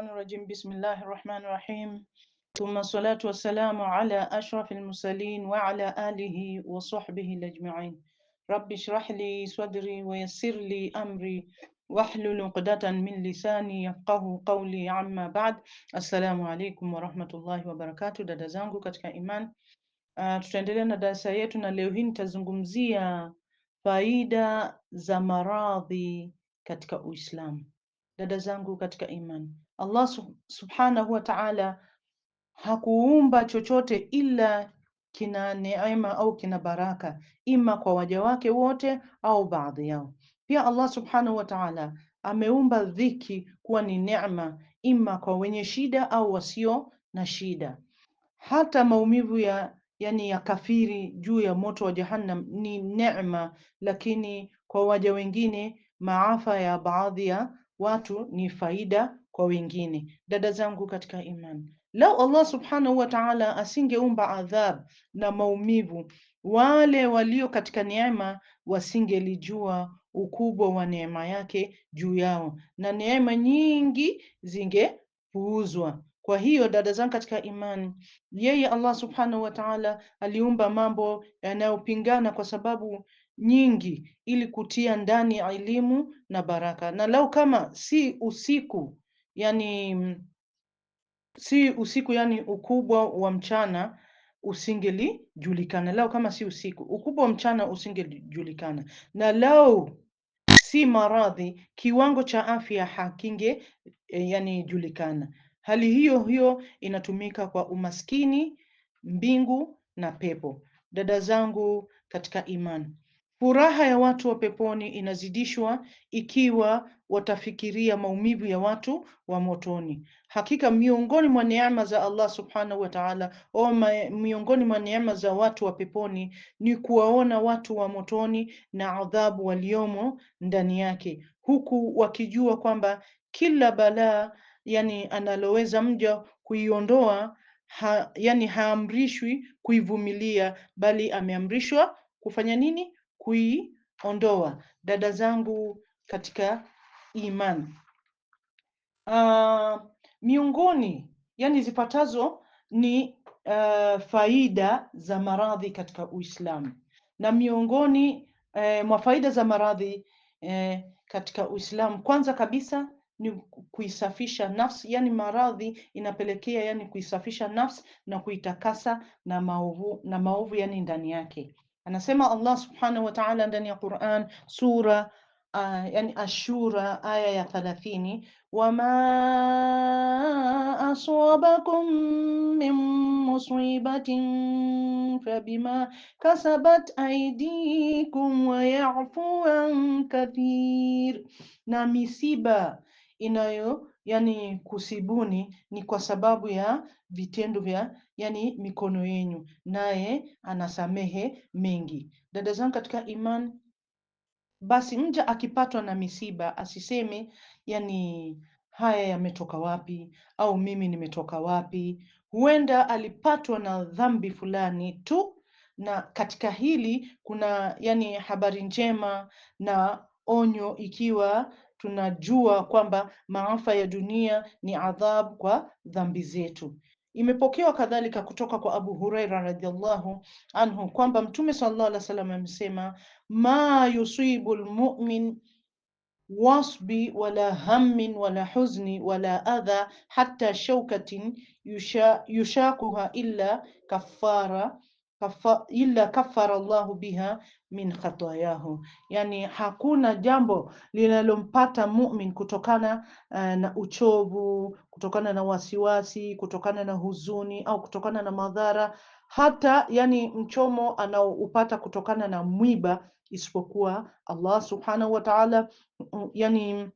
الشيطان الرجيم بسم الله الرحمن الرحيم ثم الصلاة والسلام على أشرف المرسلين وعلى آله وصحبه الأجمعين رب اشرح لي صدري ويسر لي أمري واحلل عقدة من لساني yafqahu قولي amma ba'd assalamu alaikum warahmatullahi wabarakatuh dada zangu katika iman uh, tutaendelea na darasa yetu na leo hii nitazungumzia faida za maradhi katika Uislamu. Dada zangu katika imani, Allah subhanahu wa ta'ala hakuumba chochote ila kina neema au kina baraka, ima kwa waja wake wote au baadhi yao. Pia Allah subhanahu wa ta'ala ameumba dhiki kuwa ni neema, ima kwa wenye shida au wasio na shida. Hata maumivu ya yani ya kafiri juu ya moto wa Jahannam ni neema, lakini kwa waja wengine maafa ya baadhi ya watu ni faida kwa wengine. Dada zangu katika imani, lau Allah subhanahu wa ta'ala asingeumba adhab na maumivu, wale walio katika neema wasingelijua ukubwa wa neema yake juu yao, na neema nyingi zingepuuzwa. Kwa hiyo dada zangu katika imani, yeye Allah subhanahu wa ta'ala aliumba mambo yanayopingana kwa sababu nyingi, ili kutia ndani elimu na baraka. Na lau kama si usiku yani mm, si usiku, yani ukubwa wa mchana usingelijulikana. Lao kama si usiku, ukubwa wa mchana usingelijulikana, na lao si maradhi, kiwango cha afya hakinge eh, yani julikana. Hali hiyo hiyo inatumika kwa umaskini, mbingu na pepo. Dada zangu katika imani, Furaha ya watu wa peponi inazidishwa ikiwa watafikiria maumivu ya watu wa motoni. Hakika miongoni mwa neema za Allah subhanahu wa ta'ala, miongoni mwa neema za watu wa peponi ni kuwaona watu wa motoni na adhabu waliomo ndani yake, huku wakijua kwamba kila balaa yani analoweza mja kuiondoa ha, yani haamrishwi kuivumilia, bali ameamrishwa kufanya nini? kuiondoa, dada zangu katika imani. Uh, ah, miongoni yani zipatazo ni uh, faida za maradhi katika Uislamu na miongoni eh, mwa faida za maradhi eh, katika Uislamu kwanza kabisa ni kuisafisha nafsi, yani maradhi inapelekea yani kuisafisha nafsi na kuitakasa na maovu na maovu yani ndani yake. Anasema Allah subhanahu wa ta'ala ndani ya Quran sura uh, yani Ashura aya ya thalathini, wama asabakum min musibatin fabima kasabat aydikum wa yafu an kathir, na misiba inayo yani kusibuni ni kwa sababu ya vitendo vya yani mikono yenu, naye anasamehe mengi. Dada zangu katika imani, basi mja akipatwa na misiba asiseme yani haya yametoka wapi, au mimi nimetoka wapi. Huenda alipatwa na dhambi fulani tu, na katika hili kuna yani habari njema na onyo, ikiwa tunajua kwamba maafa ya dunia ni adhabu kwa dhambi zetu. Imepokewa kadhalika kutoka kwa Abu Huraira radhiallahu anhu kwamba Mtume sallallahu alaihi wasallam amesema, ma yusibu lmumin wasbi wala hammin wala huzni wala adha hatta shaukatin yushakuha illa kaffara kafa, illa kafara Allahu biha min khatayahu, yani hakuna jambo linalompata mumin kutokana uh, na uchovu, kutokana na wasiwasi, kutokana na huzuni au kutokana na madhara, hata yani mchomo anaoupata kutokana na mwiba, isipokuwa Allah subhanahu wa ta'ala mm, yani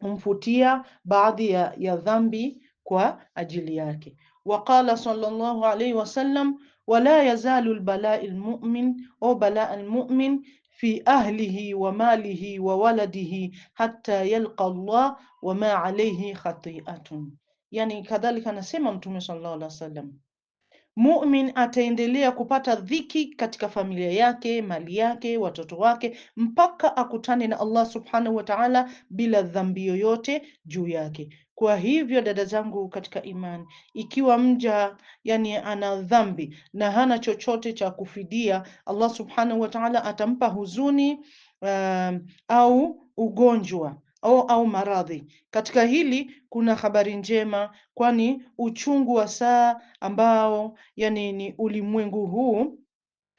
humfutia baadhi ya, ya dhambi kwa ajili yake. Waqala sallallahu alayhi wasallam ولا يزال البلاء المؤمن أو بلاء المؤمن في أهله وماله وولده حتى يلقى الله وما عليه خطيئة يعني كذلك نسمى صلى الله عليه وسلم Mumin ataendelea kupata dhiki katika familia yake, mali yake, watoto wake mpaka akutane na Allah subhanahu wa ta'ala bila dhambi yoyote juu yake. Kwa hivyo dada zangu katika imani, ikiwa mja yani ana dhambi na hana chochote cha kufidia, Allah subhanahu wa ta'ala atampa huzuni uh, au ugonjwa au, au maradhi. Katika hili kuna habari njema, kwani uchungu wa saa ambao yani ni ulimwengu huu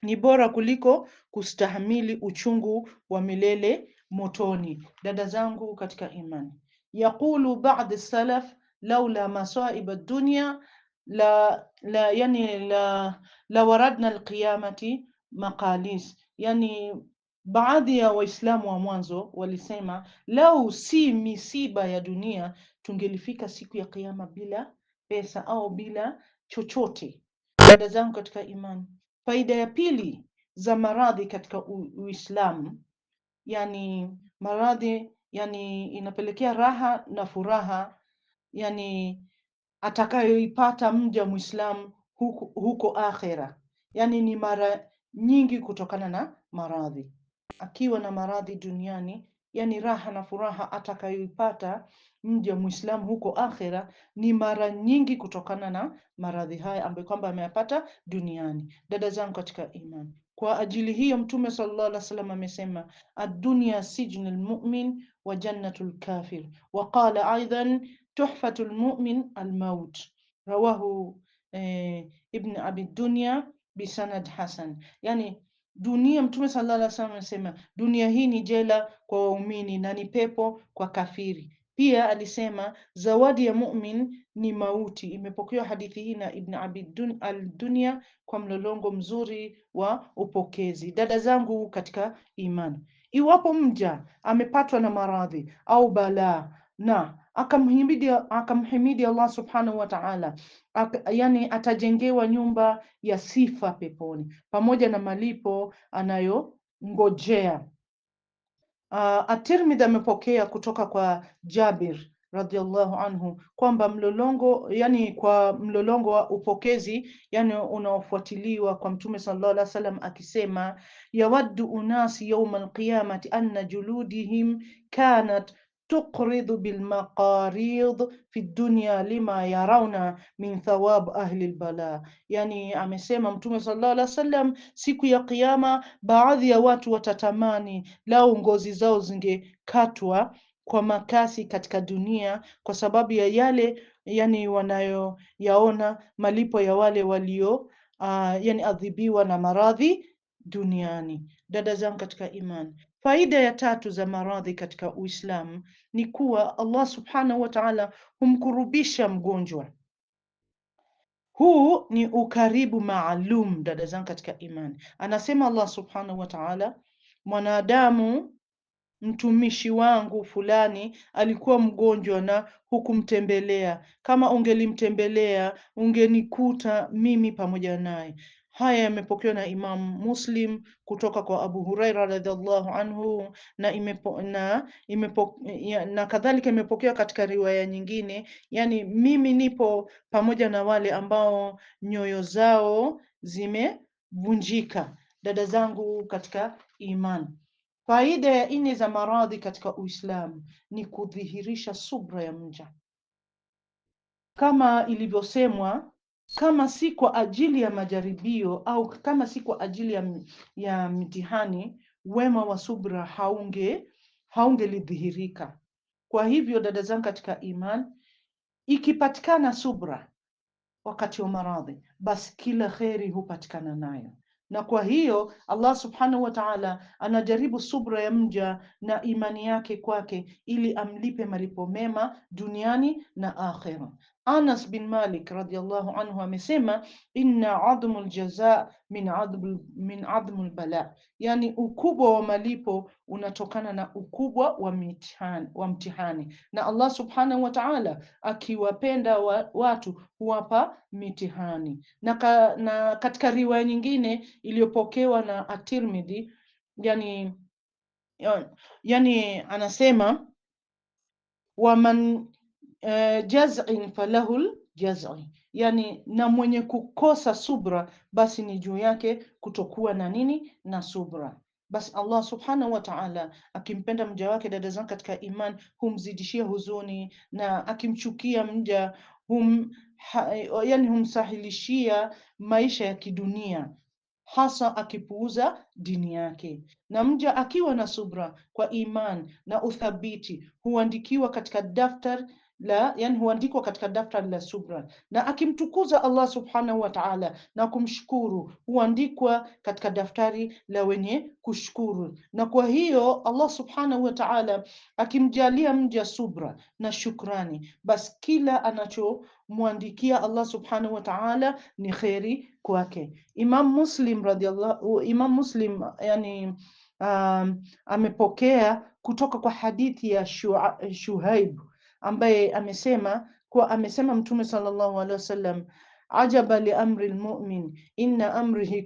ni bora kuliko kustahamili uchungu wa milele motoni. Dada zangu katika imani, yaqulu ba'd salaf laula masaib ad-dunya la, la, yani la, la waradna alqiyamati maqalis, yani Baadhi ya Waislamu wa mwanzo walisema lau si misiba ya dunia tungelifika siku ya Kiyama bila pesa au bila chochote. Dada zangu katika imani, faida ya pili za maradhi katika Uislamu, yani maradhi yani inapelekea raha na furaha yani atakayoipata mja Muislamu huko, huko akhera, yani ni mara nyingi kutokana na maradhi akiwa na maradhi duniani, yani raha na furaha atakayoipata mja Muislamu huko akhera ni mara nyingi kutokana na maradhi haya ambayo kwamba ameyapata duniani. Dada zangu katika imani, kwa ajili hiyo Mtume sallallahu alaihi wasallam amesema ad-dunya sijnul mumin wa jannatu kafir wa qala aidan tuhfatu mumin al-maut, rawahu eh, Ibn Abi Dunya bisanad hasan. Yani dunia. Mtume sallallahu alaihi wasallam anasema dunia hii ni jela kwa waumini na ni pepo kwa kafiri. Pia alisema zawadi ya mumin ni mauti. Imepokewa hadithi hii na Ibn Abi al-Dunya kwa mlolongo mzuri wa upokezi. Dada zangu katika imani, iwapo mja amepatwa na maradhi au balaa na akamhimidi, akamhimidi Allah subhanahu wa ta'ala yani atajengewa nyumba ya sifa peponi pamoja na malipo anayongojea. Uh, at amepokea kutoka kwa Jabir radhiallahu anhu kwamba mlolongo yani kwa mlolongo wa upokezi yani unaofuatiliwa kwa Mtume sallallahu alaihi wasallam akisema, yawaddu unasi yauma alqiyamati anna juludihim kanat tuqridu bilmaqarid fi dunya lima yarauna min thawab ahli lbala yani amesema Mtume sallallahu alaihi wasallam, siku ya Kiyama baadhi ya watu watatamani lau ngozi zao zingekatwa kwa makasi katika dunia kwa sababu ya yale yani wanayoyaona malipo ya wale walio uh, yani adhibiwa na maradhi duniani. Dada zangu katika imani Faida ya tatu za maradhi katika Uislamu ni kuwa Allah subhanahu wa ta'ala humkurubisha mgonjwa. Huu ni ukaribu maalum, dada zangu katika imani. Anasema Allah subhanahu wa ta'ala, mwanadamu mtumishi wangu fulani alikuwa mgonjwa na hukumtembelea, kama ungelimtembelea ungenikuta mimi pamoja naye. Haya yamepokewa na Imam Muslim kutoka kwa Abu Huraira radhiallahu anhu na imepo, na, imepo, ya, na kadhalika imepokewa katika riwaya nyingine. Yani, mimi nipo pamoja na wale ambao nyoyo zao zimevunjika, dada zangu katika iman Faida ya nne za maradhi katika Uislamu ni kudhihirisha subra ya mja, kama ilivyosemwa kama si kwa ajili ya majaribio au kama si kwa ajili ya, ya mtihani, wema wa subra haunge haungelidhihirika. Kwa hivyo, dada zangu katika iman, ikipatikana subra wakati wa maradhi, basi kila kheri hupatikana nayo na kwa hiyo Allah subhanahu wa ta'ala anajaribu subra ya mja na imani yake kwake ili amlipe malipo mema duniani na akhera. Anas bin Malik radhiallahu anhu amesema inna adhmu ljaza min adhmu min adhmu lbala, yani ukubwa wa malipo unatokana na ukubwa wa mtihani, wa mtihani. Na Allah subhanahu wa ta'ala akiwapenda wa, watu huwapa mitihani. Na, ka, na katika riwaya nyingine iliyopokewa na At-Tirmidhi yani, yani anasema waman Eh, jaz'in falahu jaz'i, yani na mwenye kukosa subra basi ni juu yake kutokuwa na nini na subra. Basi Allah subhanahu wa ta'ala akimpenda mja wake, dada zangu katika iman, humzidishia huzuni na akimchukia mja hum, ha, yani humsahilishia maisha ya kidunia hasa akipuuza dini yake, na mja akiwa na subra kwa iman na uthabiti huandikiwa katika daftar la yani, huandikwa katika daftari la subra, na akimtukuza Allah subhanahu wa ta'ala na kumshukuru huandikwa katika daftari la wenye kushukuru. Na kwa hiyo Allah subhanahu wa ta'ala akimjalia mja subra na shukrani, basi kila anachomwandikia Allah subhanahu wa ta'ala ni kheri kwake. Imam Muslim radhiyallahu Imam Muslim Muslim yani um, amepokea kutoka kwa hadithi ya Shuhaib ambaye amesema kuwa amesema Mtume sallallahu alaihi wasallam ajaba li amri lmumin inna amrihi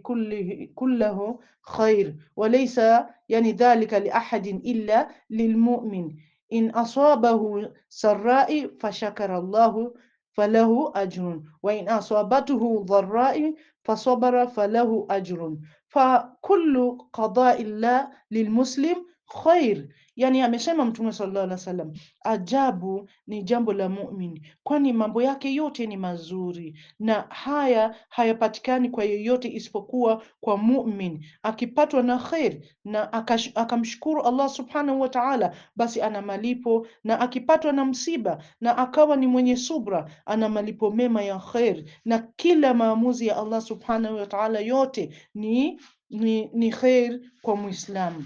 kullahu khair walaysa yani dhalika liahadin illa lilmumin in asabahu sarai fashakara Allahu falahu ajrun wa in asabathu dharai fasabara falahu ajrun فكل قضاء الله للمسلم خير yani amesema Mtume sallallahu alaihi wasallam, ajabu ni jambo la muumini, kwani mambo yake yote ni mazuri, na haya hayapatikani kwa yeyote isipokuwa kwa muumini. Akipatwa na khair na akamshukuru Allah subhanahu wa ta'ala, basi ana malipo, na akipatwa na msiba na akawa ni mwenye subra, ana malipo mema ya khair, na kila maamuzi ya Allah subhanahu wa ta'ala yote ni ni, ni khair kwa Muislamu.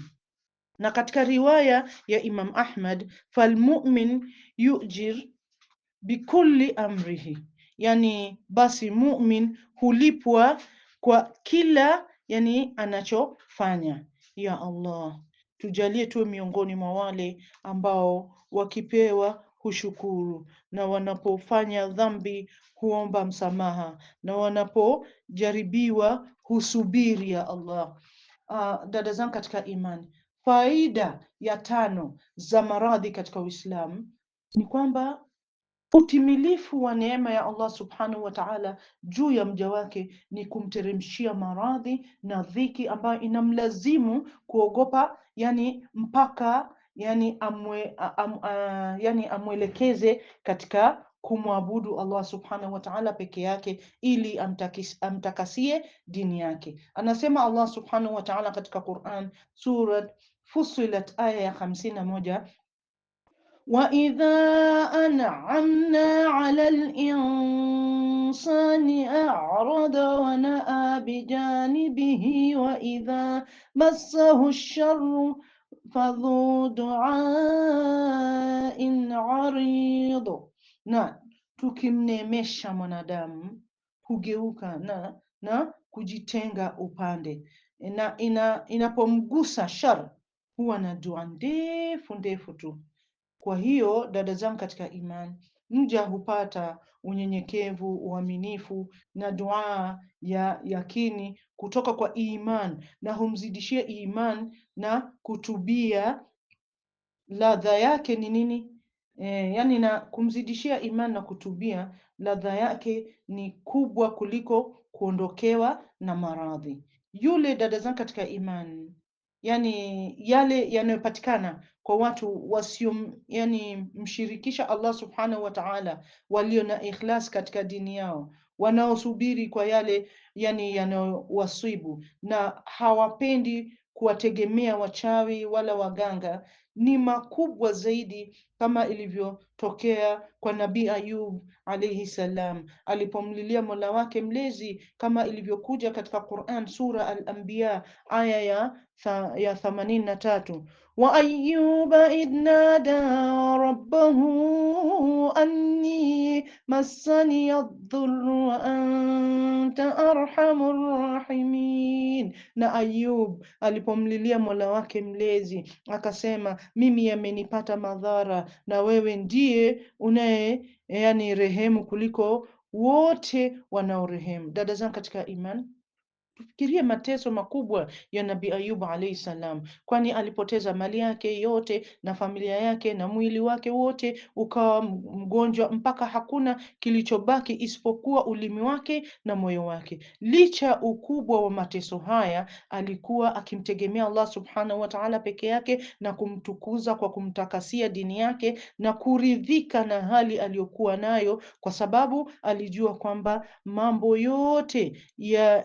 Na katika riwaya ya Imam Ahmad, falmumin yujir bikulli amrihi, yani basi mumin hulipwa kwa kila yani anachofanya. Ya Allah, tujalie tuwe miongoni mwa wale ambao wakipewa hushukuru na wanapofanya dhambi huomba msamaha na wanapojaribiwa husubiri. Ya Allah, uh, dada zangu katika imani Faida ya tano za maradhi katika Uislamu ni kwamba utimilifu wa neema ya Allah subhanahu wa ta'ala juu ya mja wake ni kumteremshia maradhi na dhiki ambayo inamlazimu kuogopa, yani mpaka yani amwe, am, a, yani amwelekeze katika kumwabudu Allah subhanahu wa ta'ala peke yake ili amtakis, amtakasie dini yake. Anasema Allah subhanahu wa ta'ala katika Quran surat Fussilat aya ya hamsini na moja waidha an'amna ala linsani arada wanaa bijanibihi waidha massahu lsharu fadhu duain aridu, na tukimnemesha mwanadamu kugeuka na na kujitenga upande na ina, inapomgusa shar huwa na dua ndefu ndefu tu. Kwa hiyo dada zangu katika imani, mja hupata unyenyekevu, uaminifu na dua ya yakini kutoka kwa iman na humzidishia iman na kutubia. Ladha yake ni nini? E, yani na kumzidishia iman na kutubia, ladha yake ni kubwa kuliko kuondokewa na maradhi. Yule dada zangu katika imani yani yale yanayopatikana kwa watu wasio yani mshirikisha Allah subhanahu wa ta'ala, walio na ikhlas katika dini yao, wanaosubiri kwa yale yani yanayowasibu na hawapendi kuwategemea wachawi wala waganga ni makubwa zaidi, kama ilivyotokea kwa Nabii Ayub alayhi salam alipomlilia Mola wake mlezi, kama ilivyokuja katika Quran sura Al-Anbiya aya ya ya thamanini na tatu wa ayuba idh nada rabbahu anni massani adh waanta wa anta arhamur rahimin, na Ayub alipomlilia Mola wake mlezi akasema mimi yamenipata madhara, na wewe ndiye unaye yani rehemu kuliko wote wanaorehemu. Dada zangu katika imani, Fikiria mateso makubwa ya Nabii Ayubu alaihi salam, kwani alipoteza mali yake yote na familia yake na mwili wake wote ukawa mgonjwa mpaka hakuna kilichobaki isipokuwa ulimi wake na moyo wake. Licha ukubwa wa mateso haya, alikuwa akimtegemea Allah subhanahu wa ta'ala peke yake na kumtukuza kwa kumtakasia dini yake na kuridhika na hali aliyokuwa nayo, kwa sababu alijua kwamba mambo yote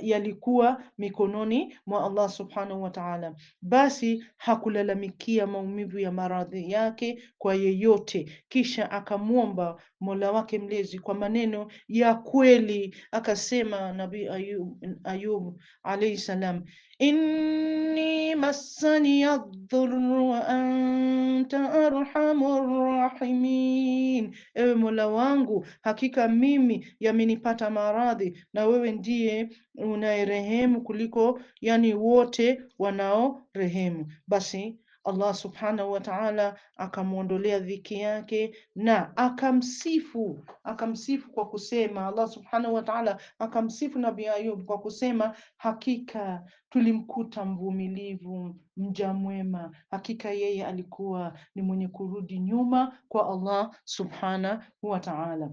yalikuwa ya kuwa mikononi mwa Allah subhanahu wa ta'ala, basi hakulalamikia maumivu ya maradhi yake kwa yeyote, kisha akamwomba Mola wake mlezi kwa maneno ya kweli. Akasema Nabii Ayub, Ayub alayhi salam, inni massani yadhurru wa anta arhamur rahimin, ewe Mola wangu, hakika mimi yamenipata maradhi na wewe ndiye unayerehemu rehemu kuliko yani wote wanao rehemu Basi Allah subhanahu wa ta'ala akamwondolea dhiki yake na akamsifu, akamsifu kwa kusema, Allah subhanahu wa ta'ala akamsifu Nabii Ayub kwa kusema, hakika tulimkuta mvumilivu mja mwema, hakika yeye alikuwa ni mwenye kurudi nyuma kwa Allah subhanahu wa ta'ala.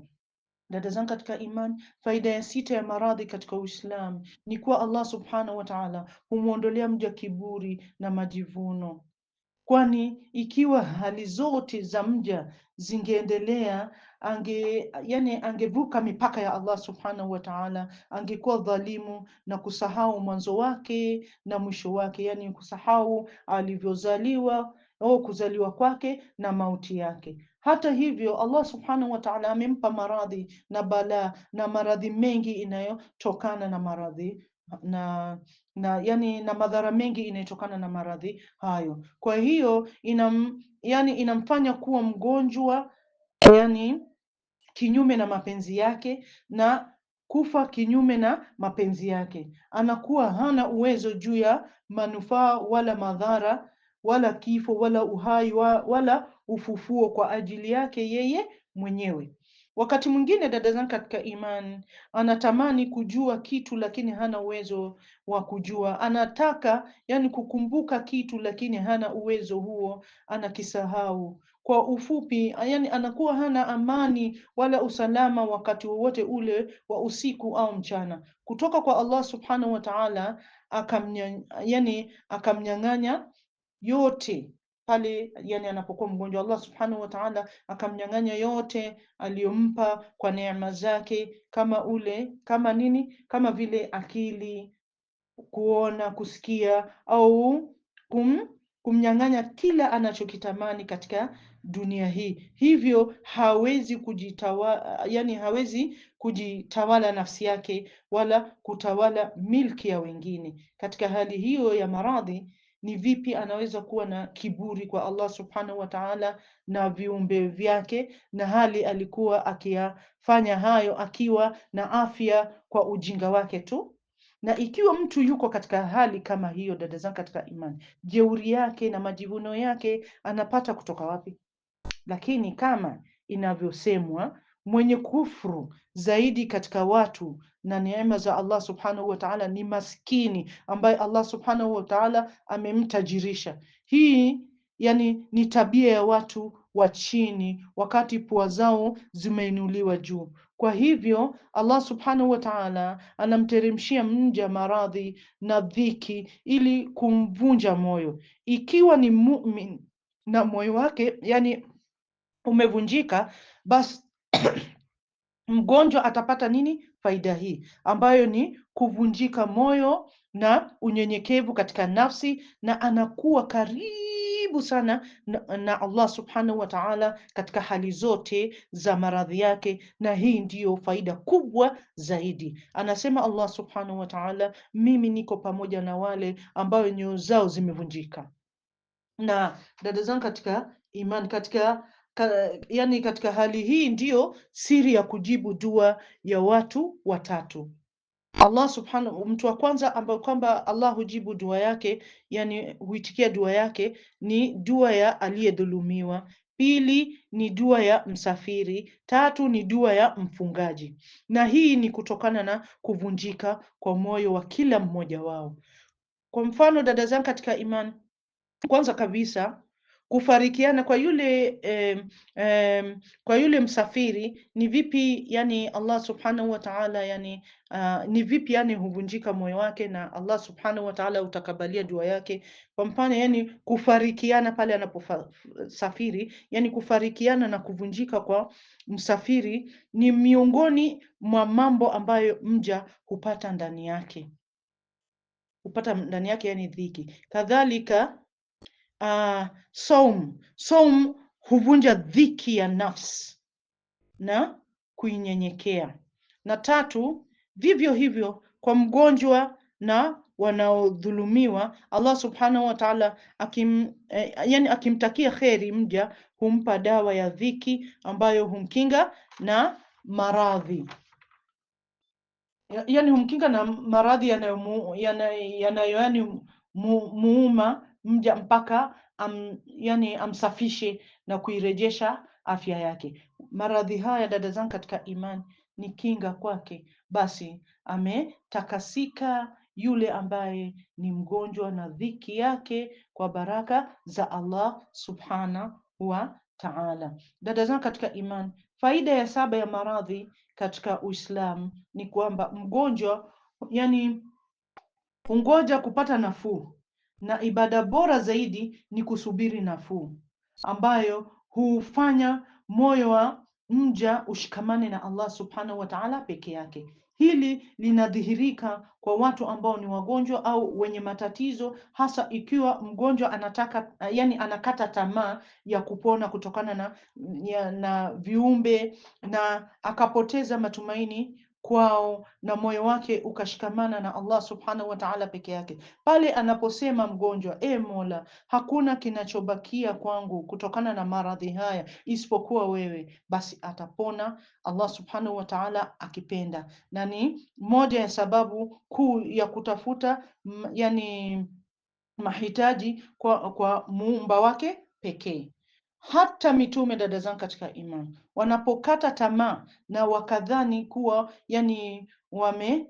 Dada zangu katika imani, faida ya sita ya maradhi katika Uislamu ni kuwa Allah subhanahu wa ta'ala humwondolea mja kiburi na majivuno, kwani ikiwa hali zote za mja zingeendelea ange, yani angevuka mipaka ya Allah subhanahu wa ta'ala, angekuwa dhalimu na kusahau mwanzo wake na mwisho wake, yani kusahau alivyozaliwa au kuzaliwa kwake na mauti yake. Hata hivyo Allah subhanahu wa ta'ala amempa maradhi na balaa na maradhi mengi inayotokana na maradhi na na yani na madhara mengi inayotokana na maradhi hayo. Kwa hiyo inam, yani inamfanya kuwa mgonjwa yani kinyume na mapenzi yake na kufa kinyume na mapenzi yake, anakuwa hana uwezo juu ya manufaa wala madhara wala kifo wala uhai wala ufufuo kwa ajili yake yeye mwenyewe. Wakati mwingine dada zangu katika imani anatamani kujua kitu lakini hana uwezo wa kujua, anataka yani kukumbuka kitu lakini hana uwezo huo, anakisahau. Kwa ufupi, yani anakuwa hana amani wala usalama wakati wowote ule wa usiku au mchana, kutoka kwa Allah subhanahu wa ta'ala, akamnyang'anya yani akamnyang'anya yote pale yani anapokuwa mgonjwa, Allah subhanahu wa ta'ala akamnyang'anya yote aliyompa kwa neema zake, kama ule kama nini, kama vile akili, kuona, kusikia au kum, kumnyang'anya kila anachokitamani katika dunia hii. Hivyo hawezi kujitawa, yani hawezi kujitawala nafsi yake wala kutawala milki ya wengine. Katika hali hiyo ya maradhi ni vipi anaweza kuwa na kiburi kwa Allah subhanahu wa ta'ala na viumbe vyake, na hali alikuwa akiyafanya hayo akiwa na afya kwa ujinga wake tu. Na ikiwa mtu yuko katika hali kama hiyo, dada zangu katika imani, jeuri yake na majivuno yake anapata kutoka wapi? Lakini kama inavyosemwa mwenye kufru zaidi katika watu na neema za Allah subhanahu wa ta'ala ni maskini ambaye Allah subhanahu wa ta'ala amemtajirisha. Hii yani ni tabia ya watu wa chini, wakati pua zao zimeinuliwa juu. Kwa hivyo Allah subhanahu wa ta'ala anamteremshia mja maradhi na dhiki ili kumvunja moyo. Ikiwa ni mumin na moyo wake yani umevunjika, basi mgonjwa atapata nini? Faida hii ambayo ni kuvunjika moyo na unyenyekevu katika nafsi, na anakuwa karibu sana na, na Allah subhanahu wa ta'ala katika hali zote za maradhi yake, na hii ndiyo faida kubwa zaidi. Anasema Allah subhanahu wa ta'ala, mimi niko pamoja na wale ambayo nyoyo zao zimevunjika. Na dada zangu katika iman katika ka, yani katika hali hii ndiyo siri ya kujibu dua ya watu watatu. Allah subhanahu, mtu wa kwanza ambaye kwamba Allah hujibu dua yake, yani huitikia dua yake ni dua ya aliyedhulumiwa. Pili ni dua ya msafiri. Tatu ni dua ya mfungaji, na hii ni kutokana na kuvunjika kwa moyo wa kila mmoja wao. Kwa mfano, dada zangu katika imani, kwanza kabisa kufarikiana kwa yule eh, eh, kwa yule msafiri ni vipi yani Allah subhanahu wa ta'ala yani uh, ni vipi yani huvunjika moyo wake na Allah subhanahu wa ta'ala utakabalia dua yake. Kwa mfano yani kufarikiana pale anaposafiri, yani kufarikiana na kuvunjika kwa msafiri ni miongoni mwa mambo ambayo mja hupata ndani yake hupata ndani yake yani dhiki kadhalika uh, saum. Saum huvunja dhiki ya nafsi na kuinyenyekea. Na tatu, vivyo hivyo kwa mgonjwa na wanaodhulumiwa Allah subhanahu wa ta'ala akim, eh, yani akimtakia kheri mja humpa dawa ya dhiki ambayo humkinga na maradhi yani humkinga na maradhi muuma mja mpaka am, yani amsafishe na kuirejesha afya yake. Maradhi haya dada zangu katika imani ni kinga kwake, basi ametakasika yule ambaye ni mgonjwa na dhiki yake kwa baraka za Allah subhanahu wa ta'ala. Dada zangu katika imani, faida ya saba ya maradhi katika Uislamu ni kwamba mgonjwa yani ungoja kupata nafuu na ibada bora zaidi ni kusubiri nafuu ambayo hufanya moyo wa mja ushikamane na Allah subhanahu wa ta'ala peke yake. Hili linadhihirika kwa watu ambao ni wagonjwa au wenye matatizo, hasa ikiwa mgonjwa anataka yani, anakata tamaa ya kupona kutokana na, ya, na viumbe na akapoteza matumaini kwao na moyo wake ukashikamana na Allah subhanahu wa ta'ala peke yake. Pale anaposema mgonjwa, e Mola, hakuna kinachobakia kwangu kutokana na maradhi haya isipokuwa wewe, basi atapona Allah subhanahu wa ta'ala akipenda, na ni moja ya sababu kuu ya kutafuta yani mahitaji kwa, kwa muumba wake pekee. Hata mitume dada zangu katika iman wanapokata tamaa na wakadhani kuwa yani wame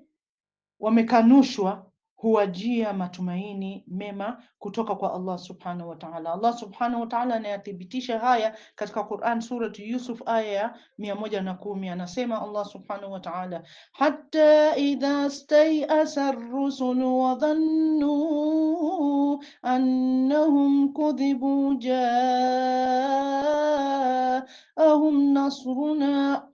wamekanushwa huwajia matumaini mema kutoka kwa Allah subhanahu wa ta'ala. Allah subhanahu wa ta'ala anayathibitisha haya katika Quran Surat Yusuf aya ya mia moja na kumi anasema Allah subhanahu wa ta'ala, hatta idha stay'asa ar-rusulu wa dhannu annahum kudhibu ja'ahum nasruna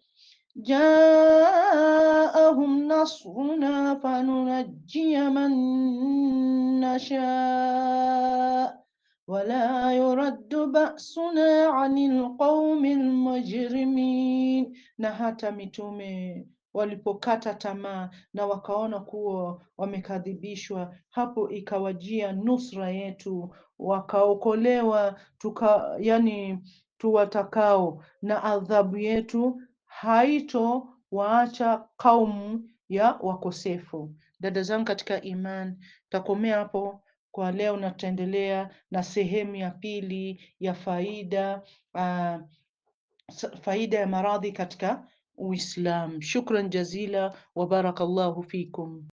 جاءهم نصرنا فننجي من نشاء ولا يرد بأسنا عن القوم المجرمين na hata mitume walipokata tamaa na wakaona kuwa wamekadhibishwa, hapo ikawajia nusra yetu, wakaokolewa tuka, yani tuwatakao, na adhabu yetu haitowaacha kaumu ya wakosefu. Dada zangu katika iman, takomea hapo kwa leo, na tutaendelea na sehemu ya pili ya faida uh, faida ya maradhi katika Uislam. Shukran jazila wa barakallahu fikum.